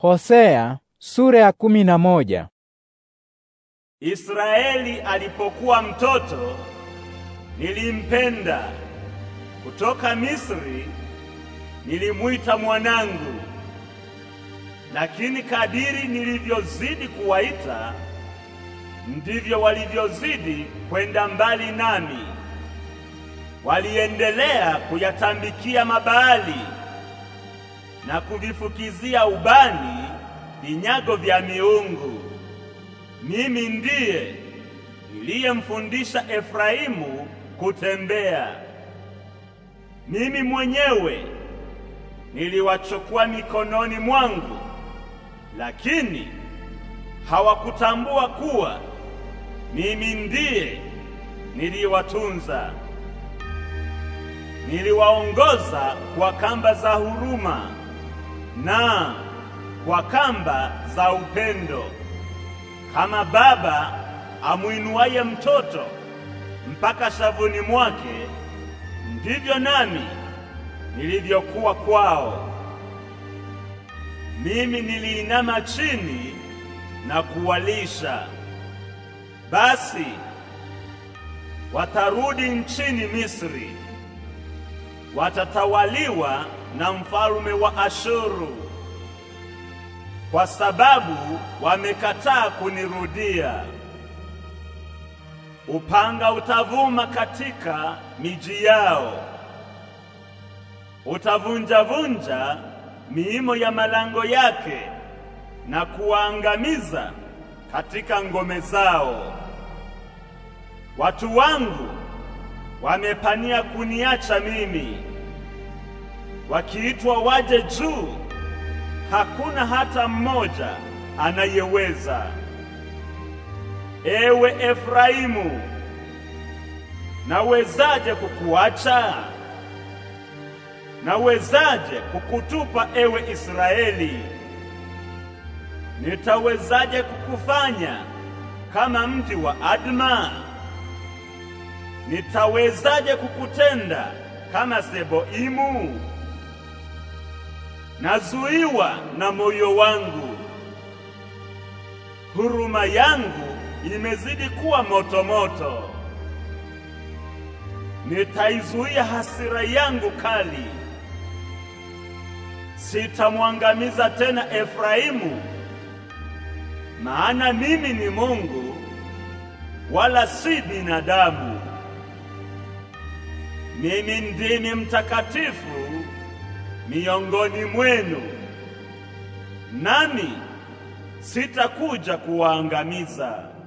Hosea sura ya kumi na moja. Israeli alipokuwa mtoto nilimpenda, kutoka Misri nilimwita mwanangu. Lakini kadiri nilivyozidi kuwaita, ndivyo walivyozidi kwenda mbali nami, waliendelea kuyatambikia mabaali na kuvifukizia ubani vinyago vya miungu. Mimi ndiye niliyemfundisha Efraimu kutembea. Mimi mwenyewe niliwachukua mikononi mwangu, lakini hawakutambua kuwa mimi ndiye niliwatunza. Niliwaongoza kwa kamba za huruma na kwa kamba za upendo, kama baba amwinuaye mtoto mpaka shavuni mwake, ndivyo nami nilivyokuwa kwao. Mimi niliinama chini na kuwalisha. Basi watarudi nchini Misri, watatawaliwa na mfalme wa Ashuru kwa sababu wamekataa kunirudia. Upanga utavuma katika miji yao, utavunja-vunja miimo ya malango yake na kuwaangamiza katika ngome zao. Watu wangu wamepania kuniacha mimi wakiitwa waje juu, hakuna hata mmoja anayeweza. Ewe Efraimu, nawezaje kukuacha? Nawezaje kukutupa ewe Israeli? Nitawezaje kukufanya kama mji wa Adma? Nitawezaje kukutenda kama Seboimu? nazuiwa na moyo wangu. Huruma yangu imezidi kuwa motomoto moto. Nitaizuia hasira yangu kali, sitamwangamiza tena Efraimu, maana mimi ni Mungu wala si binadamu. Mimi ndimi mtakatifu miongoni mwenu, nami sitakuja kuwaangamiza.